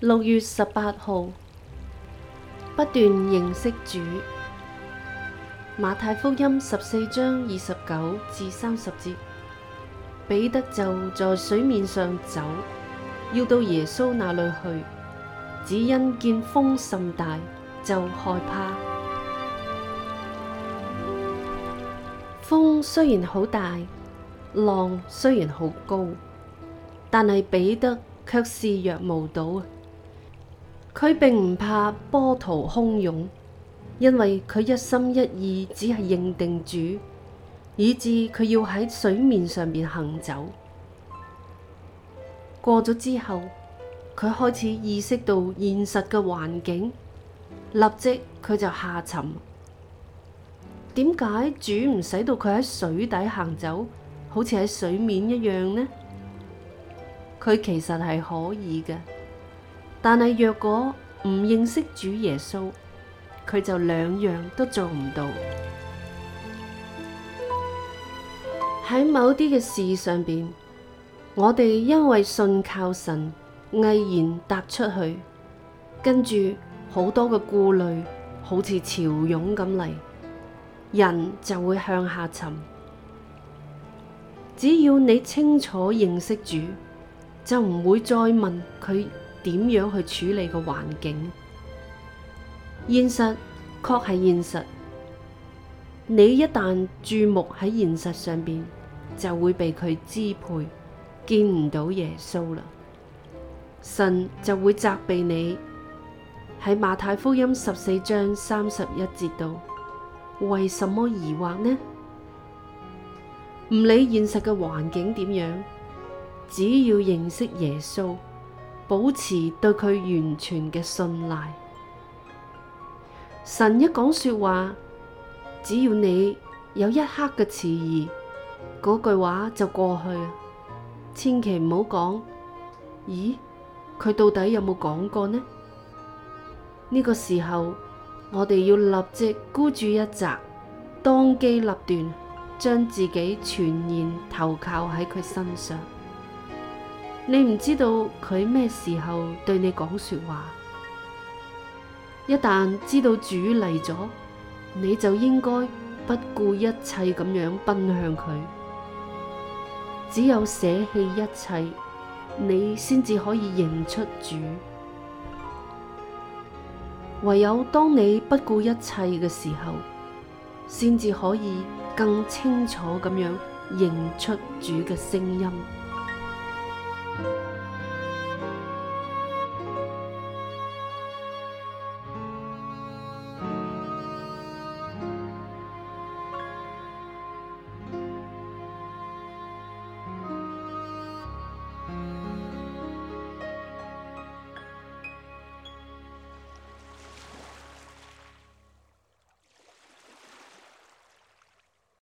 六月十八號，不斷認識主。馬太福音十四章二十九至三十節，彼得就在水面上走，要到耶穌那裏去，只因見風甚大，就害怕。風雖然好大，浪雖然好高，但係彼得卻視若無睹。佢並唔怕波濤洶湧，因為佢一心一意只係認定主，以致佢要喺水面上邊行走。過咗之後，佢開始意識到現實嘅環境，立即佢就下沉。點解主唔使到佢喺水底行走，好似喺水面一樣呢？佢其實係可以嘅。但係若果唔認識主耶穌，佢就兩樣都做唔到。喺某啲嘅事上邊，我哋因為信靠神毅然踏出去，跟住好多嘅顧慮好似潮湧咁嚟，人就會向下沉。只要你清楚認識主，就唔會再問佢。點樣去處理個環境？現實確係現實。你一旦注目喺現實上邊，就會被佢支配，見唔到耶穌啦。神就會責備你。喺馬太福音十四章三十一節度，為什麼疑惑呢？唔理現實嘅環境點樣，只要認識耶穌。保持對佢完全嘅信賴。神一講說話，只要你有一刻嘅遲疑，嗰句話就過去。千祈唔好講，咦？佢到底有冇講過呢？呢個時候，我哋要立即孤注一擲，當機立斷，將自己全然投靠喺佢身上。你唔知道佢咩時候對你講說話，一旦知道主嚟咗，你就應該不顧一切咁樣奔向佢。只有捨棄一切，你先至可以認出主。唯有當你不顧一切嘅時候，先至可以更清楚咁樣認出主嘅聲音。